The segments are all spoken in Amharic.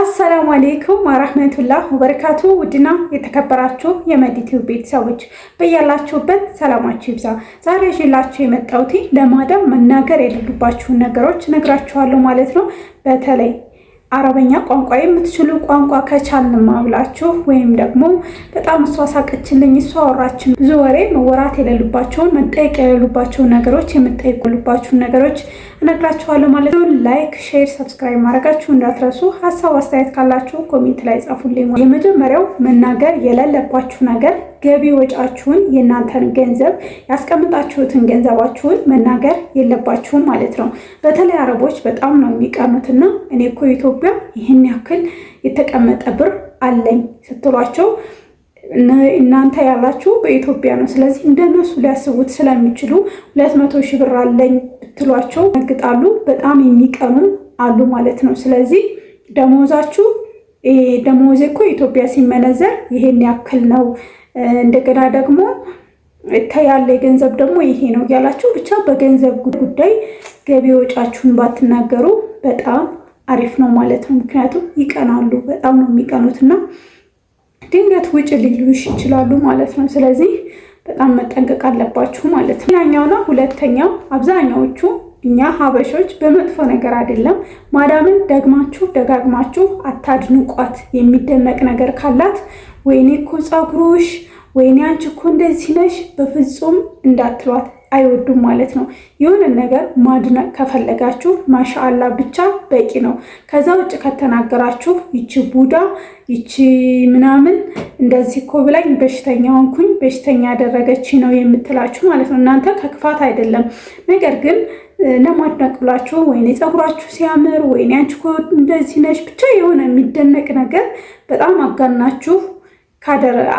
አሰላሙ አሌይኩም ወረህመቱላህ ወበረካቱ። ውድና የተከበራችሁ የመዲቲው ቤተሰቦች በያላችሁበት ሰላማችሁ ይብዛ። ዛሬ ይዤላችሁ የመጣሁት ለማዳም መናገር የሌሉባችሁን ነገሮች ነግራችኋለሁ ማለት ነው። በተለይ አረበኛ ቋንቋ የምትችሉ ቋንቋ ከቻልን ማብላችሁ ወይም ደግሞ በጣም እሷ ሳቀችልኝ እሷ አወራችን ብዙ ወሬ መወራት የሌሉባቸውን መጠየቅ የሌሉባቸውን ነገሮች የምጠይቁልባችሁን ነገሮች እነግራችኋለሁ ማለት ነው። ላይክ፣ ሼር፣ ሰብስክራይብ ማድረጋችሁ እንዳትረሱ። ሀሳብ አስተያየት ካላችሁ ኮሜንት ላይ ጻፉልኝ። የመጀመሪያው መናገር የሌለባችሁ ነገር ገቢ ወጫችሁን የእናንተን ገንዘብ ያስቀምጣችሁትን ገንዘባችሁን መናገር የለባችሁም ማለት ነው። በተለይ አረቦች በጣም ነው የሚቀኑትና እኔ እኮ ኢትዮጵያ ይህን ያክል የተቀመጠ ብር አለኝ ስትሏቸው እናንተ ያላችሁ በኢትዮጵያ ነው። ስለዚህ እንደነሱ ሊያስቡት ስለሚችሉ ሁለት መቶ ሺህ ብር አለኝ ብትሏቸው ነግጣሉ። በጣም የሚቀኑ አሉ ማለት ነው። ስለዚህ ደሞዛችሁ ደሞዜ እኮ ኢትዮጵያ ሲመነዘር ይሄን ያክል ነው እንደገና ደግሞ ከያለ የገንዘብ ደግሞ ይሄ ነው እያላችሁ ብቻ በገንዘብ ጉዳይ ገቢ ወጫችሁን ባትናገሩ በጣም አሪፍ ነው ማለት ነው። ምክንያቱም ይቀናሉ፣ በጣም ነው የሚቀኑት እና ድንገት ውጭ ሊሉሽ ይችላሉ ማለት ነው። ስለዚህ በጣም መጠንቀቅ አለባችሁ ማለት ነው። ሌላኛውና ሁለተኛው አብዛኛዎቹ እኛ ሀበሾች በመጥፎ ነገር አይደለም፣ ማዳምን ደግማችሁ ደጋግማችሁ አታድንቋት። የሚደነቅ ነገር ካላት ወይኔ እኮ ፀጉሩሽ፣ ወይኔ አንቺ እኮ እንደዚህ ነሽ፣ በፍጹም እንዳትሏት አይወዱም ማለት ነው። የሆነ ነገር ማድነቅ ከፈለጋችሁ ማሻአላ ብቻ በቂ ነው። ከዛ ውጭ ከተናገራችሁ ይቺ ቡዳ ይቺ ምናምን እንደዚህ እኮ ብላኝ በሽተኛ ሆንኩኝ በሽተኛ ያደረገች ነው የምትላችሁ ማለት ነው። እናንተ ከክፋት አይደለም፣ ነገር ግን ለማድነቅ ብላችሁ ወይኔ ፀጉራችሁ ሲያምር፣ ወይኔ አንቺ እኮ እንደዚህ ነሽ ብቻ የሆነ የሚደነቅ ነገር በጣም አጋናችሁ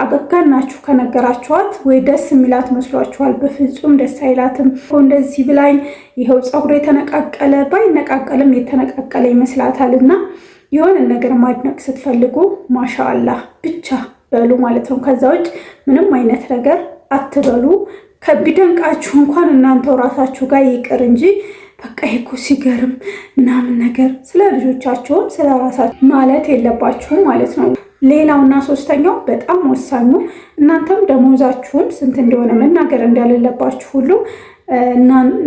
አበጋናችሁ ከነገራችኋት ወይ ደስ የሚላት መስሏችኋል? በፍጹም ደስ አይላትም። እንደዚህ ብላኝ ይኸው ፀጉር የተነቃቀለ ባይነቃቀልም የተነቃቀለ ይመስላታል። እና የሆነን ነገር ማድነቅ ስትፈልጉ ማሻላ ብቻ በሉ ማለት ነው። ከዛ ውጭ ምንም አይነት ነገር አትበሉ። ከቢደንቃችሁ እንኳን እናንተው ራሳችሁ ጋር ይቅር እንጂ በቃ ይኮ ሲገርም ምናምን ነገር ስለ ልጆቻችሁም ስለ ራሳችሁ ማለት የለባችሁም ማለት ነው። እና ሶስተኛው በጣም ወሳኙ እናንተም ደሞዛችሁን ስንት እንደሆነ መናገር እንዳለለባችሁ ሁሉ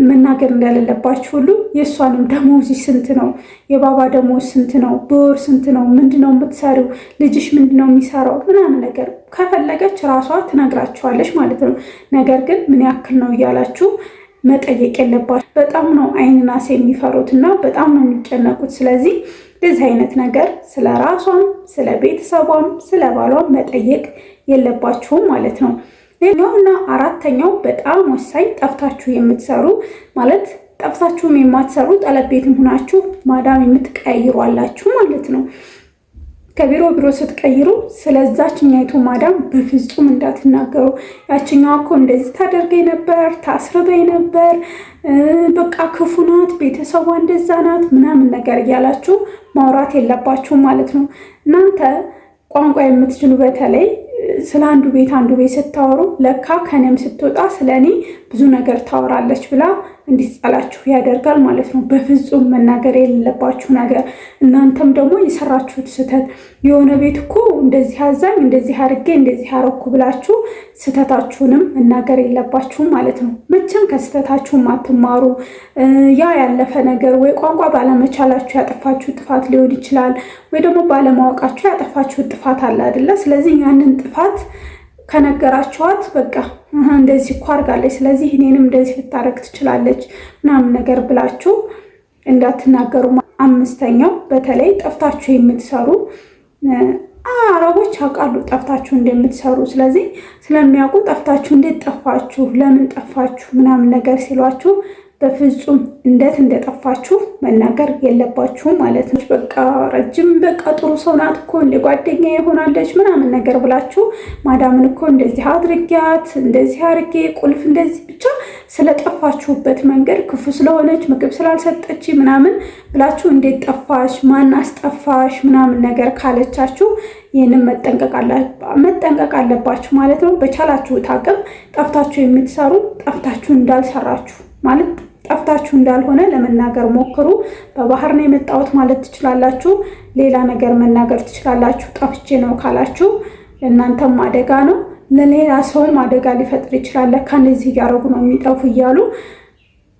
መናገር እንዳለለባችሁ ሁሉ የእሷንም ደሞዝ ስንት ነው፣ የባባ ደሞዝ ስንት ነው፣ በወር ስንት ነው፣ ምንድነው የምትሰሪው፣ ልጅሽ ምንድነው የሚሰራው ምናምን ነገር ከፈለገች ራሷ ትነግራችኋለች ማለት ነው። ነገር ግን ምን ያክል ነው እያላችሁ መጠየቅ የለባቸው። በጣም ነው አይንናስ የሚፈሩት እና በጣም ነው የሚጨነቁት። ስለዚህ እንደዚህ አይነት ነገር ስለ ራሷም ስለ ቤተሰቧም ስለ ባሏም መጠየቅ የለባችሁም ማለት ነው። ሌላው እና አራተኛው በጣም ወሳኝ ጠፍታችሁ የምትሰሩ ማለት ጠፍታችሁም የማትሰሩ ጠለቤትም ሆናችሁ ማዳም የምትቀያይሩ ማለት ነው። ከቢሮ ቢሮ ስትቀይሩ ስለዛችኛይቱ ማዳም በፍጹም እንዳትናገሩ። ያችኛዋ እኮ እንደዚህ ታደርገኝ ነበር፣ ታስርበኝ ነበር፣ በቃ ክፉ ናት፣ ቤተሰቧ እንደዛ ናት ምናምን ነገር እያላችሁ ማውራት የለባችሁ ማለት ነው። እናንተ ቋንቋ የምትችሉ በተለይ ስለ አንዱ ቤት አንዱ ቤት ስታወሩ ለካ ከእኔም ስትወጣ ስለ እኔ ብዙ ነገር ታወራለች ብላ እንዲጣላችሁ ያደርጋል ማለት ነው። በፍጹም መናገር የሌለባችሁ ነገር። እናንተም ደግሞ የሰራችሁት ስህተት የሆነ ቤት እኮ እንደዚህ አዛኝ፣ እንደዚህ አርጌ፣ እንደዚህ አረኩ ብላችሁ ስህተታችሁንም መናገር የለባችሁም ማለት ነው። መቼም ከስህተታችሁ አትማሩ። ያ ያለፈ ነገር ወይ ቋንቋ ባለመቻላችሁ ያጠፋችሁ ጥፋት ሊሆን ይችላል፣ ወይ ደግሞ ባለማወቃችሁ ያጠፋችሁ ጥፋት አለ አይደለ? ስለዚህ ያንን ጥፋት ከነገራችኋት በቃ እንደዚህ እኮ አድርጋለች፣ ስለዚህ እኔንም እንደዚህ ልታደርግ ትችላለች ምናምን ነገር ብላችሁ እንዳትናገሩ። አምስተኛው በተለይ ጠፍታችሁ የምትሰሩ አረቦች አውቃሉ ጠፍታችሁ እንደምትሰሩ። ስለዚህ ስለሚያውቁ ጠፍታችሁ እንዴት ጠፋችሁ፣ ለምን ጠፋችሁ ምናምን ነገር ሲሏችሁ በፍጹም እንዴት እንደጠፋችሁ መናገር የለባችሁም ማለት ነው። በቃ ረጅም በቃ ጥሩ ሰው ናት እኮ እንደ ጓደኛ የሆናለች ምናምን ነገር ብላችሁ ማዳምን እኮ እንደዚህ አድርጊያት እንደዚህ አድርጌ ቁልፍ እንደዚህ ብቻ ስለጠፋችሁበት መንገድ ክፉ ስለሆነች ምግብ ስላልሰጠች ምናምን ብላችሁ እንዴት ጠፋሽ፣ ማን አስጠፋሽ ምናምን ነገር ካለቻችሁ ይህንን መጠንቀቅ አለባችሁ ማለት ነው። በቻላችሁት አቅም ጠፍታችሁ የምትሰሩ ጠፍታችሁ እንዳልሰራችሁ ማለት ጠፍታችሁ እንዳልሆነ ለመናገር ሞክሩ። በባህር ነው የመጣሁት ማለት ትችላላችሁ። ሌላ ነገር መናገር ትችላላችሁ። ጠፍቼ ነው ካላችሁ ለእናንተም አደጋ ነው፣ ለሌላ ሰውም አደጋ ሊፈጥር ይችላል። ለካ እንደዚህ እያደረጉ ነው የሚጠፉ እያሉ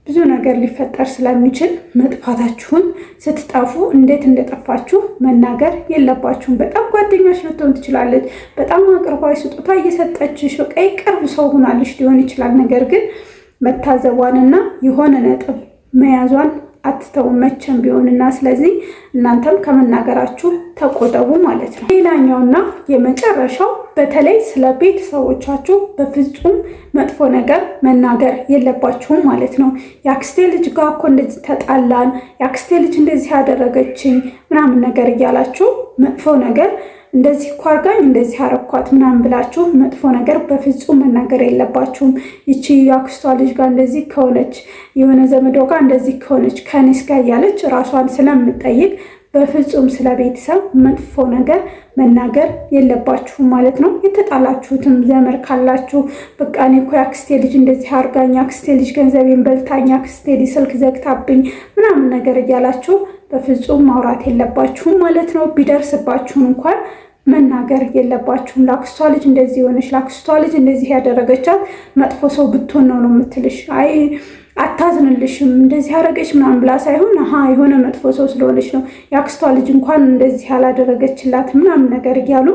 ብዙ ነገር ሊፈጠር ስለሚችል መጥፋታችሁን ስትጠፉ እንዴት እንደጠፋችሁ መናገር የለባችሁም። በጣም ጓደኛች ልትሆን ትችላለች። በጣም አቅርባዊ ስጦታ እየሰጠችሽ በቃ ቅርብ ሰው ሆናለች ሊሆን ይችላል። ነገር ግን መታዘቧንና የሆነ ነጥብ መያዟን አትተው መቼም ቢሆንና፣ ስለዚህ እናንተም ከመናገራችሁ ተቆጠቡ ማለት ነው። ሌላኛውና የመጨረሻው በተለይ ስለ ቤተሰቦቻችሁ በፍጹም መጥፎ ነገር መናገር የለባችሁም ማለት ነው። የአክስቴ ልጅ ጋኮ እኮ እንደዚህ ተጣላን፣ የአክስቴ ልጅ እንደዚህ ያደረገችኝ ምናምን ነገር እያላችሁ መጥፎ ነገር እንደዚህ እኮ አድርጋኝ እንደዚህ አረኳት ምናምን ብላችሁ መጥፎ ነገር በፍጹም መናገር የለባችሁም። ይቺ የአክስቷ ልጅ ጋር እንደዚህ ከሆነች፣ የሆነ ዘመዶ ጋር እንደዚህ ከሆነች፣ ከኔስ ጋር እያለች ራሷን ስለምጠይቅ በፍጹም ስለ ቤተሰብ መጥፎ ነገር መናገር የለባችሁም ማለት ነው። የተጣላችሁትም ዘመድ ካላችሁ በቃ እኔ እኮ የአክስቴ ልጅ እንደዚህ አርጋኝ፣ አክስቴ ልጅ ገንዘቤን በልታኝ፣ አክስቴ ልጅ ስልክ ዘግታብኝ ምናምን ነገር እያላችሁ በፍጹም ማውራት የለባችሁም ማለት ነው። ቢደርስባችሁን እንኳን መናገር የለባችሁም። ላክስቷ ልጅ እንደዚህ የሆነች ላክስቷ ልጅ እንደዚህ ያደረገቻት መጥፎ ሰው ብትሆን ነው ነው የምትልሽ። አይ አታዝንልሽም፣ እንደዚህ ያደረገች ምናምን ብላ ሳይሆን ሀ የሆነ መጥፎ ሰው ስለሆነች ነው፣ የአክስቷ ልጅ እንኳን እንደዚህ ያላደረገችላት ምናምን ነገር እያሉ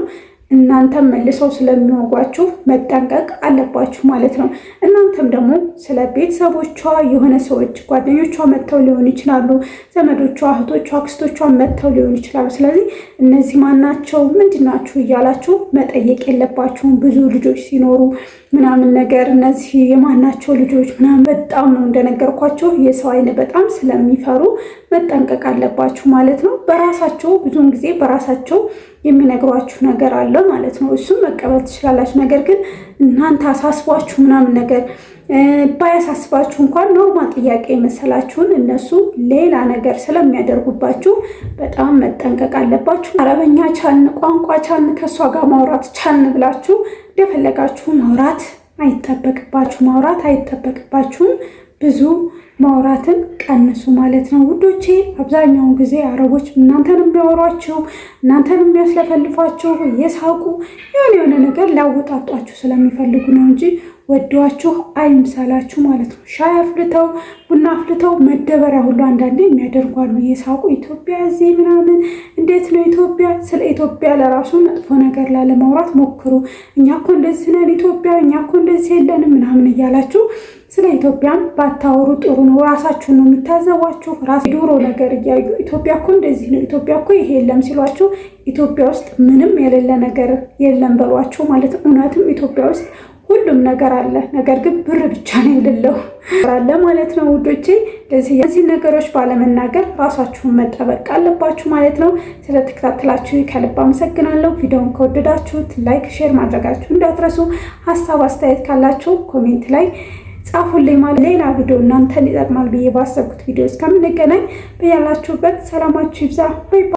እናንተም መልሰው ስለሚወጓችሁ መጠንቀቅ አለባችሁ ማለት ነው። እናንተም ደግሞ ስለ ቤተሰቦቿ የሆነ ሰዎች ጓደኞቿ መጥተው ሊሆን ይችላሉ፣ ዘመዶቿ፣ እህቶቿ፣ አክስቶቿ መጥተው ሊሆን ይችላሉ። ስለዚህ እነዚህ ማናቸው ምንድናችሁ እያላችሁ መጠየቅ የለባችሁም። ብዙ ልጆች ሲኖሩ ምናምን ነገር እነዚህ የማናቸው ልጆች ምናምን በጣም ነው እንደነገርኳቸው የሰው አይን በጣም ስለሚፈሩ መጠንቀቅ አለባችሁ ማለት ነው። በራሳቸው ብዙውን ጊዜ በራሳቸው የሚነግሯችሁ ነገር አለ ማለት ነው። እሱም መቀበል ትችላላችሁ። ነገር ግን እናንተ አሳስቧችሁ ምናምን ነገር ባያሳስባችሁ እንኳን ኖርማል ጥያቄ የመሰላችሁን እነሱ ሌላ ነገር ስለሚያደርጉባችሁ በጣም መጠንቀቅ አለባችሁ። አረበኛ ቻን፣ ቋንቋ ቻን፣ ከእሷ ጋር ማውራት ቻን ብላችሁ እንደፈለጋችሁ ማውራት አይጠበቅባችሁ ማውራት አይጠበቅባችሁም ብዙ ማውራትን ቀንሱ ማለት ነው ውዶቼ። አብዛኛውን ጊዜ አረቦች እናንተን የሚያወሯችሁ እናንተን የሚያስለፈልፏችሁ እየሳቁ የሆነ የሆነ ነገር ሊያወጣጧችሁ ስለሚፈልጉ ነው እንጂ ወደዋችሁ አይምሰላችሁ ማለት ነው። ሻይ አፍልተው ቡና አፍልተው መደበሪያ ሁሉ አንዳንዴ የሚያደርጓሉ አሉ። የሳቁ ኢትዮጵያ እዚህ ምናምን እንዴት ነው ኢትዮጵያ? ስለ ኢትዮጵያ ለራሱ መጥፎ ነገር ላለማውራት ሞክሩ። እኛ እኮ እንደዚህ ነን ኢትዮጵያ፣ እኛ እኮ እንደዚህ የለንም ምናምን እያላችሁ ስለ ኢትዮጵያም ባታወሩ ጥሩ ነው። ራሳችሁን ነው የሚታዘቧችሁ። ራስ ዶሮ ነገር እያዩ ኢትዮጵያ እኮ እንደዚህ ነው፣ ኢትዮጵያ እኮ ይሄ የለም ሲሏችሁ ኢትዮጵያ ውስጥ ምንም የሌለ ነገር የለም በሏችሁ ማለት እውነትም ኢትዮጵያ ውስጥ ሁሉም ነገር አለ። ነገር ግን ብር ብቻ ነው የሌለው አለ ማለት ነው ውዶቼ። እነዚህ ነገሮች ባለመናገር ራሳችሁን መጠበቅ አለባችሁ ማለት ነው። ስለተከታተላችሁ ከልብ አመሰግናለሁ። ቪዲዮውን ከወደዳችሁት ላይክ፣ ሼር ማድረጋችሁ እንዳትረሱ። ሀሳብ አስተያየት ካላችሁ ኮሜንት ላይ ጻፉልኝ። ማለት ሌላ ቪዲዮ እናንተን ይጠቅማል ብዬ ባሰብኩት ቪዲዮ እስከምንገናኝ በያላችሁበት ሰላማችሁ ይብዛ።